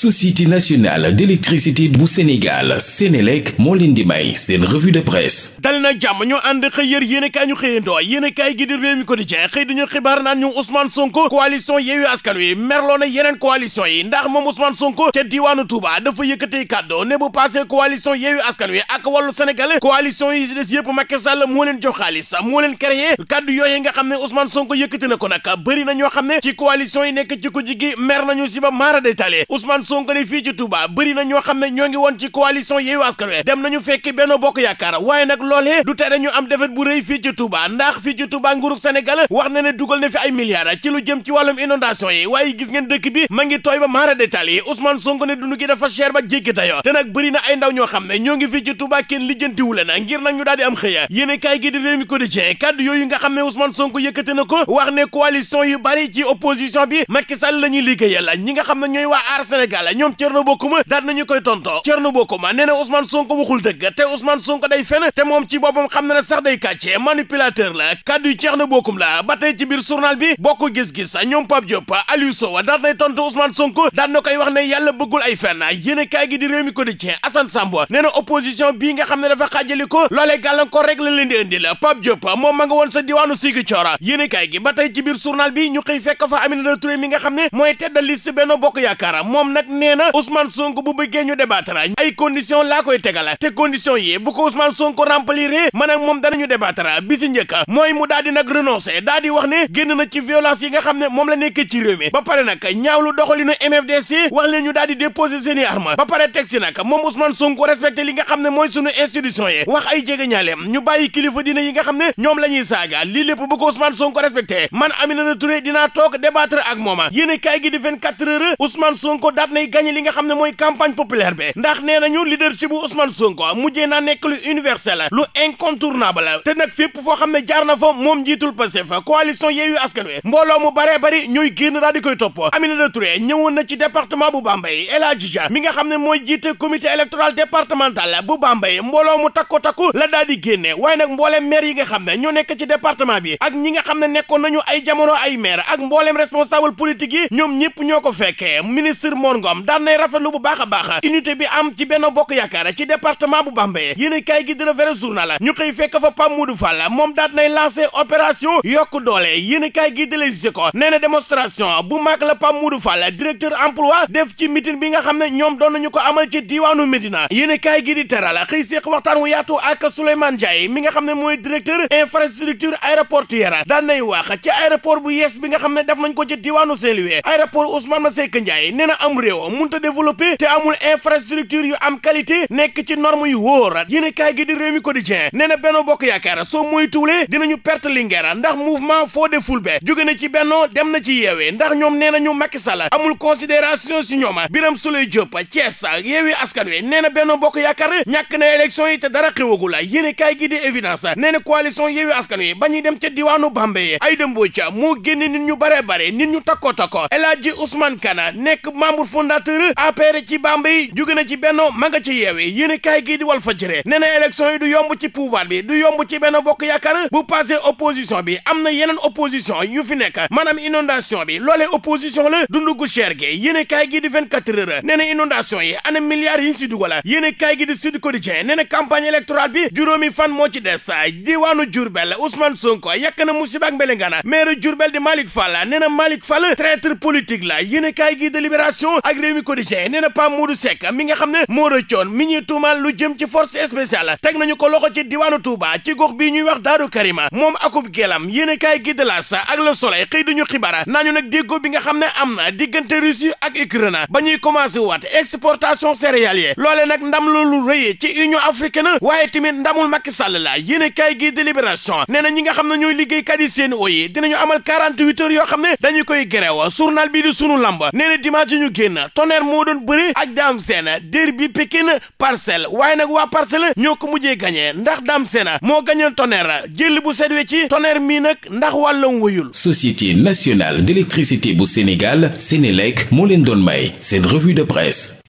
société nationale d'électricité bu Sénégal Sénélec moo leen di may seen revue de presse dali nag jàmm ñu ànd xëy yër yéenekaay ñu xëyandoo yéenekaay gi di réew mi quotidien xëy xibaar naan ñu Ousmane Sonko coalition Yewwi Askan Wi merloo na yeneen coalition yi ndax moom Ousmane Sonko ca diiwaanu Touba dafa yëkkatee kàddu ne bu passé coalition yi si des yëpp Macky Sall moo leen jox xaalis moo leen créé kàddu yooyu nga xam ne Ousmane Sonko yëkkati na ko nag bëri na ñoo ne ci coalition yi nekk Sonko ne fii ci Touba bëri na ñoo xam ne ñoo ngi woon ci coalition Yewwi Askan Wi dem nañu fekki Benno Bokk Yaakaar waaye nag loolee du tere ñu am defet bu rëy fii ci Touba ndax fii ci Touba nguurug wax na ne dugal na fi ay milliards ci lu jëm ci wàllum inondation yi waaye gis ngeen dëkk bi ma ngi tooy ba maara détail yi Sonko ne dund gi dafa cher ba jéggi dayo te nag bëri na ay ndaw ñoo xam ne ñoo ngi fii ci kenn lijjantiwu gi di Rewmi ne Ousmane Sonko yëkkati na ko wax ne coalition yu bari ci opposition bi Macky Sall la ñuy liggéeyal ñi nga xam ne ñooy waa aar Sénégal Tall ñoom Thierno Bocoum daal nañu koy tontoo Thierno Bocoum nee na Ousmane Sonko waxul dëgg te Ousmane Sonko day fen te moom ci boppam xam na ne sax day kàcce manipulateur la kàddu yi Thierno Bocoum la ba tey ci biir journal bi bokk gis-gis ñoom Pape Diop Aliou Sow daal nay tontu Ousmane Sonko daal na koy wax ne yàlla bëggul ay fen yéen kaay gi di réew mi quotidien Assane Samb nee na bii nga xam ne dafa xaajali ko loolee gàllankoor rek la leen di indi la Pape Diop moom ma nga woon sa diwaanu nga xam ne mooy tête de liste moom nag nee na Ousmane Sonko bu bëggee ñu débattre ay condition laa koy tegala te condition yi bu ko Ousmane Sonko remplir man ak moom danañu débattre bi ci njëkk mooy mu daal di nag renoncer daal di wax ne génn na ci violence yi nga xam ne moom la nekk ci réew mi ba pare nag ñaawlu doxalinu MFDC wax leen ñu daal di seeni arme ba pare teg si moom Ousmane Sonko respecté li nga xam ne mooy sunu institution yi wax ay jege ñaaleem ñu bàyyi kilifa dina yi nga xam ne ñoom la ñuy saaga lii lépp bu ko Ousmane Sonko respecté a kaay day gagné li nga xam ne mooy campagne populaire bi ndax nee nañu leadership bu Ousmane Sonko mujjee naa nekk lu universel lu incontournable te nag fépp foo xam ne jaar na fa moom njiitul Pastef coalition Yewwi Askan Wi mbooloo mu baree bari ñooy génn daal di koy topp Aminata Touré ñëwoon na ci département bu Bambey El Hadji Dia mi nga xam ne mooy jiite comité électoral départemental daal di génne yi nga xam ne ñoo nekk ci département bi ak ñi nga xam ne nekkoon nañu ay jamono Ngom daan nay rafetlu bu baax a baax unité bi am ci benn bokk yaakaar ci département bu Bambey yéen a kaay gi di la vrai journal ñu xëy fekk fa Pape Modou Fall moom daan nay lancé opération yokk doole yéen a kaay gi di la gis ko nee na démonstration bu mag la Pape Modou Fall directeur emploi def ci meeting bi nga xam ne ñoom doon nañu ko amal ci diiwaanu Médina yéen a kaay gi di teral xëy séq waxtaan wu yaatu ak Souleymane Ndiaye mi nga xam ne mooy directeur infrastructure aéroportuaire daan nay wax ci bi nga xam ne def nañ ko ci diiwaanu Saint-Louis aéroport réew munta développé te amul infrastructure yu am qualité nekk ci norme yu wóor yéene kaay gi di réew mi quotidien nee na Benno Bokk Yaakaar soo moytuwulee dinañu perte Linguère ndax mouvement foo deful be jóge na ci Benno dem na ci Yewwi ndax ñoom nee na nañu Macky Sall amul considération si ñooma Birame Souleye Diop Thiès Yewwi Askan Wi nee na Benno Bokk Yaakaar ñàkk na élection yi te dara xewagul yéene kaay gi di évidence nee na coalition Yewwi Askan Wi ba ñuy dem ca diwaanu Bambey ay dëmboo ca moo génne nit ñu bare bare nit ñu takkoo takkoo El Hadji Ousmane Kana fondateur APR ci Bambey jóge na ci Benno ma nga ci yeewee yéen kaay gii di Walf Fadjri nee na élection yi du yomb ci pouvoir bi du yomb ci Benno Bokk Yaakaar bu passé opposition bi am na yeneen opposition yu fi nekk maanaam inondation bi loolee opposition la dundu gu cher gi yéen gii di 24 heures nee na yi ana milliards yi ñu si dugal yéen kaay gii di Sud Quotidien nee na campagne électorale bi juróomi fan moo ci des diwaanu Diourbel Ousmane Sonko yàkk ak Rewmi Quotidien nee na Pape Modou a mi nga xam ne moo rëccoon mi ñuy tuumaal lu jëm ci force spéciale teg nañu ko loxo ci diwaanu Touba ci gox bii ñuy wax daadu Daaru Karima moom a akub gelam yéen kaay gi de L'As ak Le ñu xëy duñu xibaar nañu nag déggoo bi nga xam ne am na diggante Russie ak Ukraine ba ñuy commencé waat exportation céréalière loole nag ndam loolu rëyee ci Union africaine waaye tamit ndamul Macky Sall la yéen kaay gi de Libération nee na ñi nga xam ne ñooy liggéeykat yi seen oyi dinañu amal 48 heures yoo xam ne dañu koy gerew journal bi di sunu lamb nee na dimanche ñu tonnerre moo doon bëri ak daam seen derby Pikine parcelle waaye nag waa parcelle ñoo ko mujjee gagné ndax daam seen moo gagné tonnerre jël bu set wecci tonnerre mii nag ndax wàllam wëyul société nationale d'électricité bu Sénégal Sénélec moo leen doon may seen revue de presse